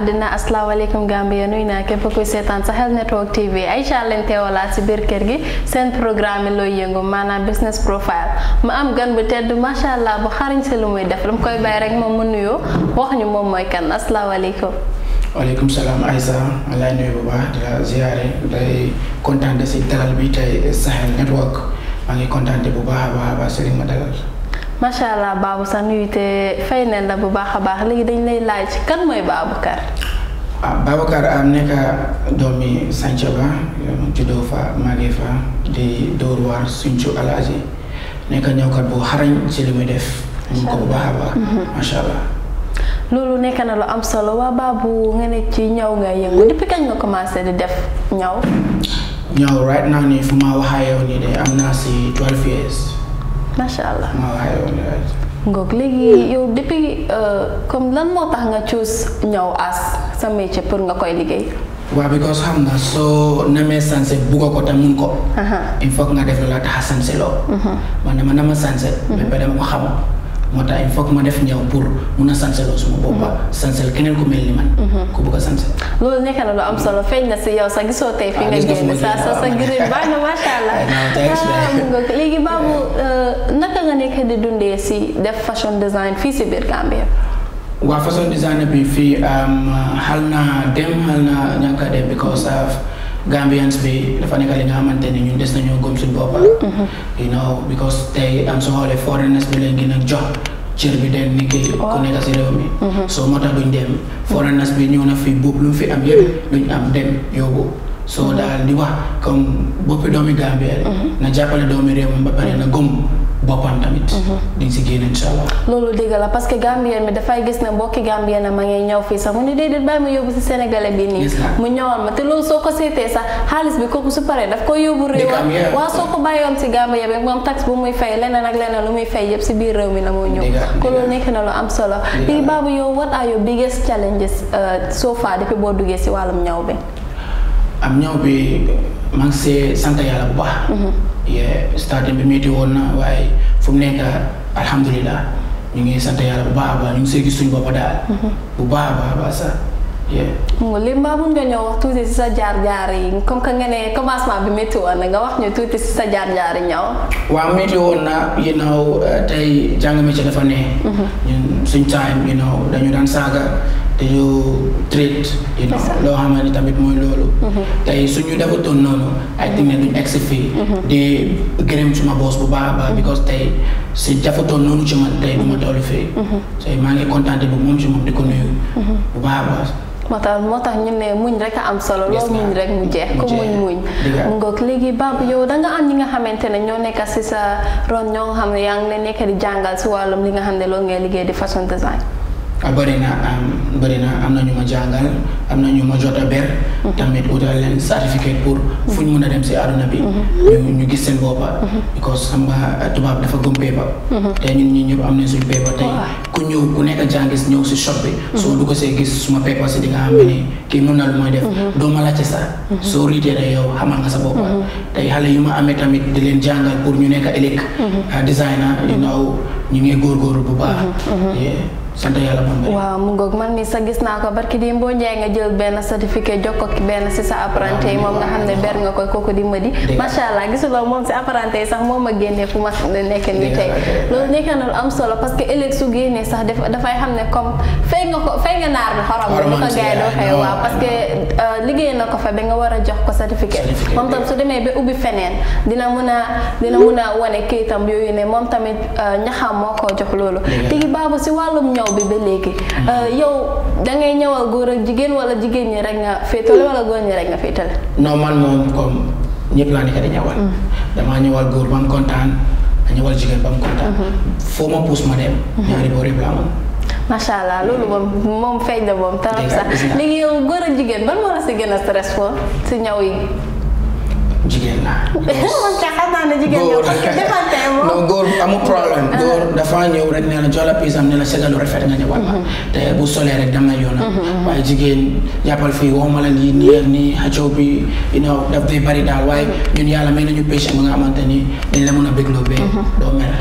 àddina asalaamaaleykum Gambia nuyu naa képp kuy seetaan Sahel Network TV Aïcha leen teewalaat si biir kër gi seen programme looy yëngu maanaam business profile ma am gan bu tedd macha bu xariñ si lu muy def dama koy bàyyi rek moom mu nuyoo wax ñu moom mooy kan asalaamaaleykum. waaleykum Network maa ngi bu baax a baax baax Serigne ma dalal. macha allah Babou sa nuyu te fay neen la bu baax a baax léegi dañ lay laaj kan mooy Baboucar. ah kar am ah, nekk doomi Santhiaba juddoo fa màggee fa di Dóor waar ñëwkat bu xarañ ci lu muy def. mu ko bu baax a baax. Mhm. macha allah. loolu nekk na lu am solo waa Babou nga ne ci ñaw nga yëngu depuis kañ nga commencé di def ñaw. ñaw right now nii fu ma waxaa nii de am naa si macha allah ah, ngoog léegi yow depuis euh, comme lan moo tax nga choose ñëw as sa métier pour nga koy liggéey. waaw because xam nga soo namee sanse bugg ko te mun ko. il faut nga def la tax a mhm. man dama nama sanse. Mhm. mais ba dama ko xamoo. moo tax il faut que ma def ñëw pour mun a sanseloo suma boppa mhm. sansel keneen ku mel ni man mhm. ku bëgg a sansel loolu nekk na lu am solo feeñ na si yow sa gisoo tey fi ah, nga génn sa sa sa girin baax na allah ah, léegi baabu euh, naka nga nekk di dundee si def fashion design fii si biir Gambia waa fashion design bi fii xal na dem xal na ñàkk a dem because of Gambians bi dafa nekk li nga xamante ne ñun des nañoo gëm suñu boppam. you know because tey am su xoolee foreigners bi leen gën a jox cër bi den ni ki ku nekk si réew mi. so moo tax duñ dem foreigners bi ñëw na fi boobu lu mu fi am yëpp duñ am dem yóbbu. so daal di wax comme boppi doomi Gambia mm-hmm. na jàppale doomi réew mi ba pare na gëm. boppam tamit. Mhm. si génn incha loolu dëgg la parce que Gambien mi dafay gis ne mbokki Gambien ma ngay ñëw fii sax mu ne déedéet bàyyi ma yóbbu si Sénégalais bi nii. mu ñëwal ma te loolu soo ko seetee sax xaalis bi kooku su paree daf koy yóbbu réewam. waaw soo ko bàyyoon si Gambien bi moom tax bu muy fay leneen ak leneen lu muy fay yëpp si biir réew mi la moo ñëw. ko loolu nekk na lu am solo. léegi Babou yow what are your biggest challenges euh, so far depuis boo duggee si wàllum ñaw bi. am yee stade bi métti woon na waaye fu mu nekk alhamdulilah ñu ngi sant yàlla bu baax a baax ñu see gis suñu bopp daal. Mm-hmm. bu baax a baax a baax sax. Limba mun nga ñëw wax tuuti si sa jaar-jaar yi comme que nga ne commencement bi métti woon na nga wax ñu tuuti si sa jaar-jaar yi ñëw. waaw métti woon na you know uh, tey jàng métier dafa ne. Mhm. ñun suñ time you know loo xamante ni tamit mooy loolu. Mhm. tey suñu defatoon noonu. I think ne duñ egsi fii. Mhm. di gërëm suma boss bu baax a baax. because tey si defatoon noonu ci man tey du ma toll fii. tey maa ngi kontaan bu moom si moom di ko nuyu. bu baax a baax. moo tax moo tax ñu ne muñ rek a am solo loolu muñ rek mu jeex ku muñ muñ mu ngoog léegi Babou yow da nga am ñi nga xamante ne ñoo nekk si sa ron ñoo xam ne yaa ngi leen di jàngal si wàllum li nga xam ne loolu ngay liggéey di fashion design Ah, bëri na am bëri na am na ñu ma jàngal am na ñu ma jot a ber. Mhm. tamit utal leen certificat pour. Mhm. fu ñu mën a dem si àdduna bi. Mhm. ñu gis seen boppa because samba ah, tubaab dafa gëm paper. te ñu ñi ñëpp am nañ suñu paper tey ku ñëw ku nekk jàngis ñëw si shop bi. ko see gis suma paper si di nga xam ne kii mën na lu may def. doo ma laajte sax soo riitee yow xamal nga sa boppa tey xale yu ma amee tamit di leen jàngal pour ñu nekk ëllëg. Ah, designer you know ñu ngi góorgóorlu bu baax. sant yàlla moom waaw mu ngoog man mi sa gis naa ko barki di Mbow Ndiaye nga jël benn certificat jox ko benn si sa apprenti yi moom nga xam ne ber nga koy kooku di madi macha allah gisuloo moom si apprenti yi sax moom a génnee fu ma nekk nii tey loolu nekk na lu am solo parce que ëllëg su génnee sax dafay xam ne comme fay nga ko fay nga naar bi xorom doo xëy waaw parce que euh, liggéey na ko fa ba nga war a jox ko certificat moom tam su demee ba ubbi feneen dina mun a dina mun a wane kayitam yooyu ne moom tamit euh, ñaxam moo ko jox loolu ñaw bi ba légui euh yow da ngay ñawal goor ak jigen wala jigen ñi rek nga fétal wala goor ñi rek nga fétal non man mom comme ñepp la ni ka di ñawal mm. dama ñawal goor ba contane kontaan ñawal jigen ba contane mm-hmm. fo ma pousse ma dem ñari mm-hmm. bo rebla laa moom masha allah loolu moom moom feeñ la moom tarap sax léegi yow goor ak jigen ban moo la si gën stress fo ci ñaw yi jigéen la. man kay xam naa ne jigéen ñoom parce que defante moom. non góor amul problème. Ah. góor dafa ñëw rek nee na jox la pisam ne la segalu rafet nga ñëwal ma. Mm-hmm. te bu solee rek dama yoonam. Mm-hmm, mm-hmm. waaye jigéen jàppal fii waxuma la lii nii ak nii xëccoo bi you know daf day bari daal waaye ñun yàlla may nañu péché ba nga xamante ni dañ la mën a bégloo bee. doo mere.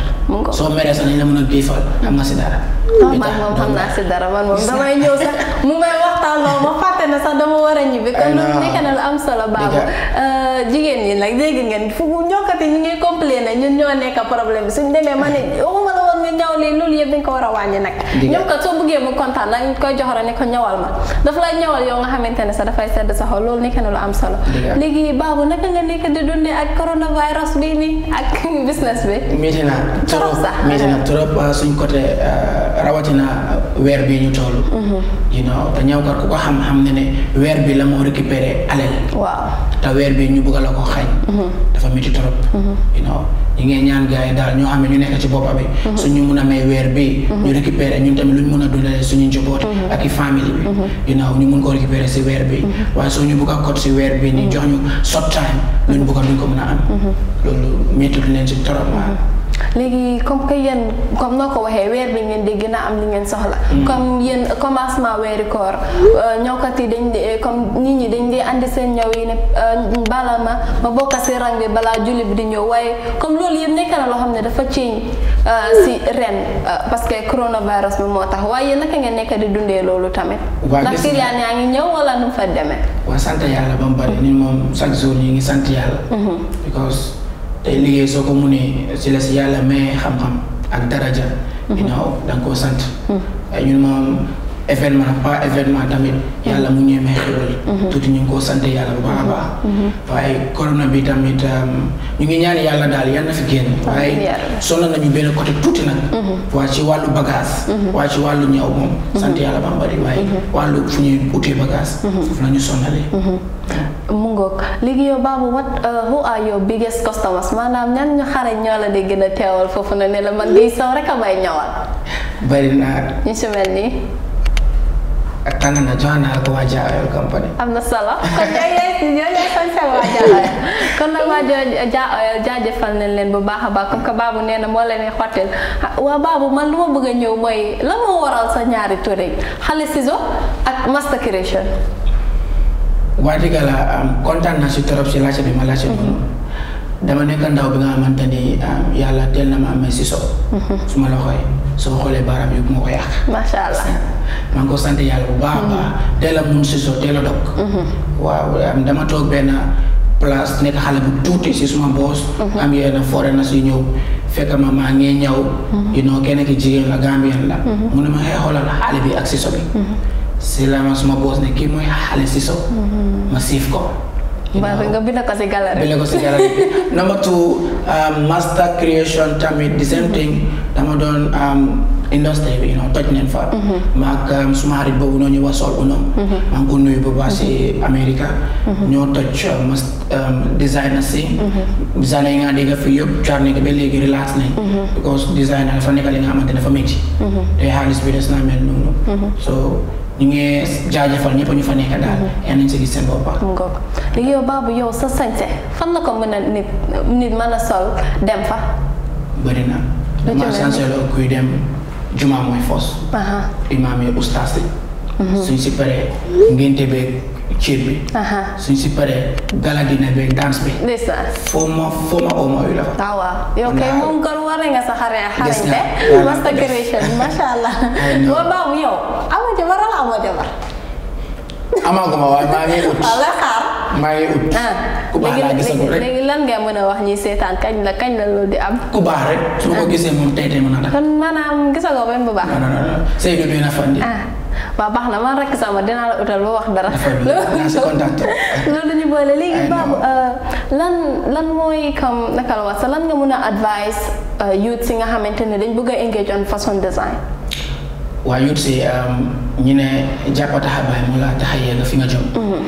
soo meree sax dañ la mën a diifal am nga si dara. moom man moom damay ñëw sax mu ngay waxtaan loolu na sax dama war a ñibbi kon loolu nekk na lu am solo baabu euh, jigéen ñi nag léegi ngeen fu mu ñokkati ñu ngi complain na ñun ñoo nekk problème bi suñ demee ma ne waxuma la woon nga ñaw lii loolu yëpp dañ ko war a wàññi nag ñoom kat soo bëggee mu kontaan danga koy joxoro ne ko ñawal ma dafa lay ñawal yoo nga xamante ne sax dafay sedd sa xol loolu nekk na lu am solo léegi baabu naka nga nekk di dundee ak coronavirus bi nii ak business bi métti na trop sax métti na trop euh, suñ côté euh, rawatina weer bi ñu toll. Mhm. you know te ñëw ko xam-xam ne ne weer bi la moo récupéré alal. waaw te weer bi ñu bëgg la ko xañ. Mhm. dafa métti trop. Mhm. you know ñi ngeen ñaan gars yi daal ñoo xam ne ñu nekk ci boppa bi. ñu mun a may weer bi. ñu récupéré ñun tamit luñ mun a dundalee suñu njaboot. ak i famille bi. you ñu mun ko récupéré si weer bi. waaye suñu bëgg a code si weer bi ni jox ñu short time luñ bëgg a duñ ko mën a am. loolu métti leen si trop. légui comme que yeen comme noko waxe wer bi ngeen di na am li ngeen soxla comme mm. yeen commencement wer koor ñokati mm. eh, dañ dañ comme eh, nit ñi dañ di andi seen ñaw yi ne eh, balama ma bokk ci rangé bala julli bi di ñew way comme lool yeen nekk na lo xamne dafa ciñ ci ren parce que coronavirus mo motax waye naka ngeen nekk di dundé loolu tamit ndax kiriyaan ngi ñew wala nu fa démé wa sante yalla bam bari ni mom chaque jour ñi ngi sante yalla mhm. because tey liggéey soo ko munee si la si yàlla may xam-xam ak daraja. you mm-hmm. know da nga koo sant. Mm-hmm. ñun moom événement pas événement tamit mm-hmm. yàlla mu ñuy may xéwal. tuuti ñu ngi koo sant yàlla bu baax a baax. waaye corona bi tamit um, ñu ngi ñaan yàlla daal yal na fi génn. waaye sonal nañu benn côté tuuti nag. waa ci wàllu bagage. waa ci wàllu ñaw moom. sant yàlla ba mu bari waaye wàllu fu ñuy utee bagage. foofu la ñu ngoog léegi yow Babou what euh, who biggest customers maanaam ñan ñu xare ñoo la di gën a teewal foofu na ne la man di saw rek a may ñawal. bari naa. ñu si mel nii. ak tànn na jox naa ko waa Jaa Oil am na solo kon ñooñu ñooñu Jaa Oil kon Jaa Oil jaajëfal leen bu baax a baax comme que Babou nee na moo leen di xottil waa Babou man lu ma bëgg a ñëw mooy la moo waral sa ñaari tur yi Xale Sizo ak Master Creation. wax dëgg la kontaan na si trop si laajte bi ma laajte mhm. noonu dama nekk ndaw bi nga xamante ni yàlla teel na ma amee si so mhm. su ma loxo yi soo xoolee baaraam yi bu ma ko yàq sant yàlla bu baax a baax mhm. teel so teel a dog toog benn place nekk xale bu tuuti si suma boos am yenn foore si ñëw fekk ma maa ngi ñëw you kenn ki jigéen la gambien la mu ne ma xee xoolal xale bi ak si so bi si la ma suma boos ne kii mooy Halle Sisoh. ma siif ko. waaw nga bind ko ko si galerie bi number two um, master creation tamit the thing dama um, mm-hmm. um, boobu noonu ñu mm-hmm. mm-hmm. yi nga dégg fi yëpp caar nekk ba léegi relax nañ. because designer dafa nekk li nga xamante dafa métti. te xaalis bi des naa mel noonu. so ñu ngi jaajëfal ñëpp ñu fa nekk daal mhm. yal nañ si gis seen bopp ngoog léegi yow baabu yow sa sañse fan la ko mën a nit nit mën a sol dem fa bëri na dama sañse la kuy dem juma mooy fos imaam yi ustaas yi suñ mhm. si paree ngénte beeg ceeb bi suñ si paree gala dina beeg dance bi foo ma foma ma oo ma yu la fa ah waaw yow kay moom kon war nga sa xare xarañte master creation masha allah wa baabu yo. amoo jabar. amaaguma waaye maa ngi ut. waaw nga xaar. Ah. léegi lan ngay mën a wax ñi seetaan kañ la kañ la loolu di am. ku baax rek su ma ko ah. gisee moom tey tey mën a tax. kon bu baax. non non ah. baax na man rek sama dinaa la utal wax dara. loolu ñu boole léegi baabu euh, lan lan mooy comme naka la wax sa lan nga mën a advice euh, youth si nga xamante ne dañ bëgg a engage on façon design. waaye yut si euh, ñu ne jàppa taxa bay mu la taxa yegg fi nga jëm mhm.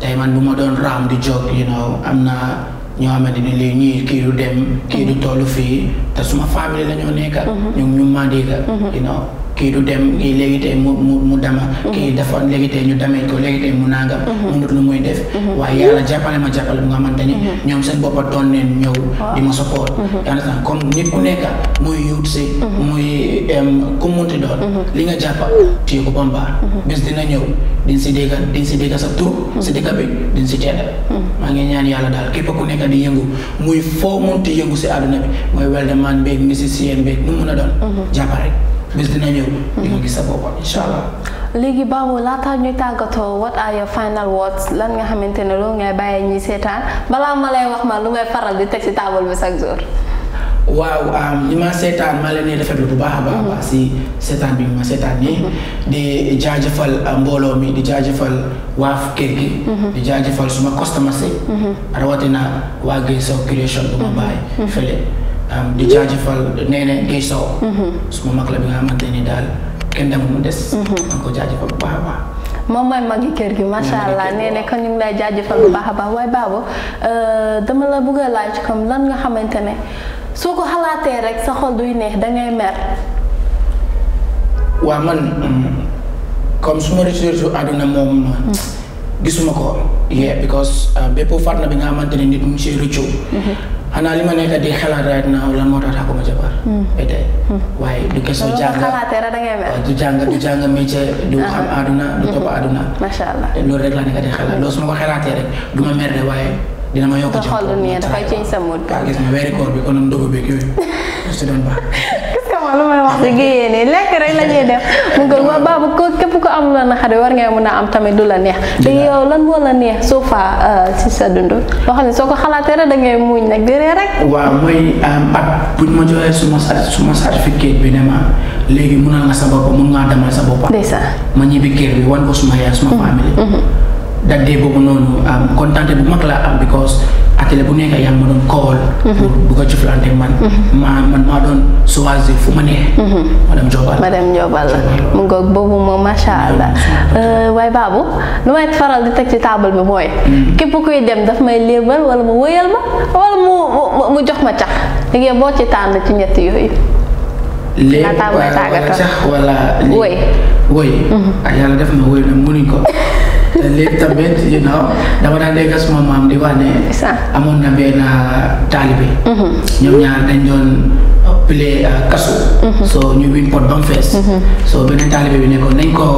tey man bu ma doon raam di jog you know am naa ñoo xamante ni lii ñii kii du dem kii du mhm. tollu fii te suma famille la ñoo nekka mhm. ñu ñu mandika you know kii du dem kii léegi tey mu mu mu dama mhm. kii dafa léegi tey ñu demee ko léegi tey mu nangam mënut mhm. lu muy def mhm. waaye yàlla jàppale ma jàppale bu nga xamante ni ñoom seen boppa doon neen ñëw di ma support yaanatan comme nit ku nekk muy yuut si muy ku munti doon li nga jàppa téye ko bambaar bés dina ñëw din si dégga din si dégga sa tur si dégga bi din si tedd maa ngi ñaan yàlla daal képp ku nekk di yëngu muy foo ti yëngu si àdduna bi mooy weldemaan beeg musicien beeg nu mun a doon jàppa bis dina ñëw. Mhm. di nga gis sa boppam incha allah. léegi Babou laata ñuy tàggatoo what are your final words lan nga xamante ne loolu ngay bàyyee ñuy seetaan balaa ma lay wax ma lu ngay faral di teg ci table bi chaque jour. waaw li ma seetaan ma leen di rafetlu bu baax a baax baax si mhm. seetaan bi ma seetaan nii mhm. di jaajëfal uh, mbooloo mi di jaajëfal waa kër gi di jaajëfal suma customers yi rawatina waa Gueye Sow Creation bu ma bàyyi fële di jaji fal nene ngay sow mhm. suma mak mhm. la eh, mm. mhm. eh, bi nga xamanteni dal ken dem mu dess ma ko jaajëfal bu baax baax mom mooy magi keer gi macha allah nee ne kon ñu lay jaji fal bu baax baax baabu dama la bëgg laaj comme lan nga xamantene rek sa xol duy neex da ngay mer wa man comme suma retour aduna mom gisuma ko yeah because bepp fatna bi nga xamanteni nit mu ci xanaa li ma nekk di xalaat right now lan moo tax taxuma jabar hmm. hmm. waaye du question jàng du jàng du jàng métier du ah. xam àdduna du topp hmm. àdduna macha allah loolu rek laa nekk di xalaat loolu su ma ko xalaatee rek du ma mer waaye dina ma yokk ci xool dafay ceeñ sa mood waaw gis nga weeri koor bi kon ndogu yooyu su doon baax lu may wax si géyee nii lekk rek la ñuy def mu ko képp ko am la na xare war ngay mën a am tamit du la neex léegi yow lan moo la neex soo faa euh, si sa dund loo xam ne soo ko xalaatee rek da ngay muñ nag dëree rek waaw mooy euh, at buñ ma joxee suma suma certificat bi ne ma léegi mënal nga sa bopp mën ngaa demal sa bopp ndeysaan ma ñibbi kër bi wan ko suma yaay suma mm-hmm. famille mm-hmm. daddee boobu noonu am kontaante bu mag laa am um, because atelier bu nekk yaa ma doon kool bu ko jëflante man maa man maa doon choisir fu ma neex madame Ndiobal madame Ndiobal di teg ci taabal bi mooy képp kuy dem daf may mu wëyal ma wala mu mu jox ma cax léegi boo ci tànn ci ñett yooyu léegi wala cax wala woy woy ak yàlla def ma woy nag mënuñ ko léegi tamit you know dama daan dégg suma maam di wax ne amoon na benn uh, taalibe mhm. ñoom ñaar dañ doon play uh, kasu mhm. so ñu win pot ba mu fees mhm. so beneen taalibe bi ne nañ ko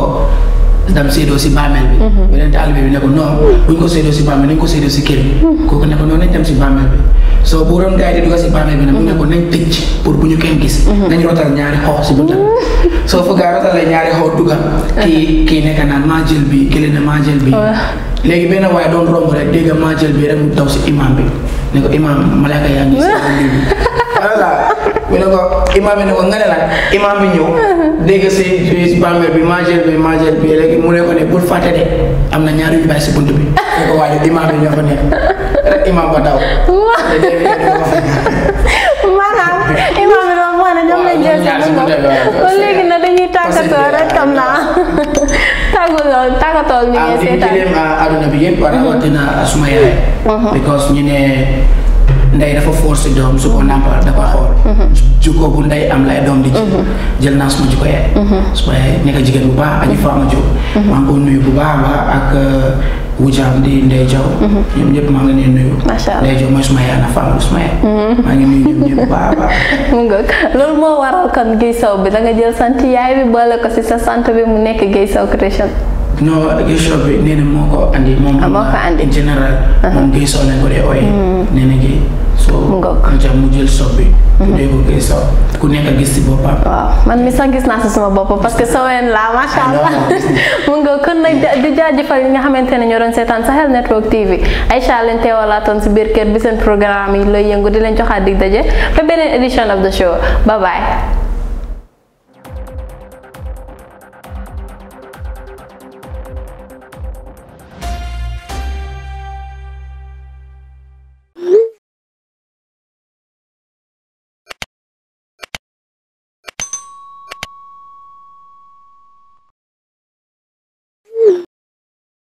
dam séedoo si bàmmeel bi beneen taalibe bi ne ko non buñ ko séedoo si bàmmeel nañ ko séedoo si kër bi kooku ne noonu nañ dem si bàmmeel bi soo bu doon gars yi di dugg si bàmmeel bi nag. mu ne ko nañ tëj pour bu ñu kenn gis. Mhm. nañ rotal ñaari xoox si buntam. Mhm. soo fa gars rotalee ñaari xoox dugga. kii mhm. kii nekk naan maa jël bii kële na maa jël bii. léegi benn waaye doon romb rek dégg maa jël bii mu ne ko imam malaaka yaa ngi si ko imaam la imaam bi ñëw dégg si si bàmmeel bi maajel bi maajel mu ne ko am na ñaari yu bunt bi ne ko waaye imaam bi ñoo fa nekk imam ba daw. maanaam imam bi moom moo ne ñoom lañ jël si moom kon léegi nag dañuy tàggatoo suma yaay. because ñu ne ndey dafa force doom su ko nàmpal dafa xool. bu ndey am lay doom di ji. jël naa suma jikko yaay. suma yaay nekk jigéen bu baax aji faama jóg. maa ngi nuyu bu baax a ak. Wujaan di Ndeye Diaw. Mhm. ñoom ñëpp maa ngi leen nuyu. macha allah Ndeye mooy suma yaay na femme suma yaay. Mhm. maa ngi nuyu ñoom ñëpp baax a baax. loolu moo waral kon Guèye bi da nga jël sant yaay bi boole ko si sa sant bi mu nekk Guèye Sow Creation. bi nee moo ko andi. moom ah, moo ko andi en moom uh-huh. Guèye Sow ko dee ooyee. Mm. nee mu ngoog mhm. ku nekk gis si boppam. waaw man mi sax gis naa si sama bopp parce que soween laa macha allah mu ngoog kon nag di jaajëfal ñi nga xamante ne ñoo doon seetaan Sahel Network TV Aïcha leen teewalaatoon si biir kër bi seen programme yi lay yëngu di leen joxaat di daje ba beneen édition of the show bye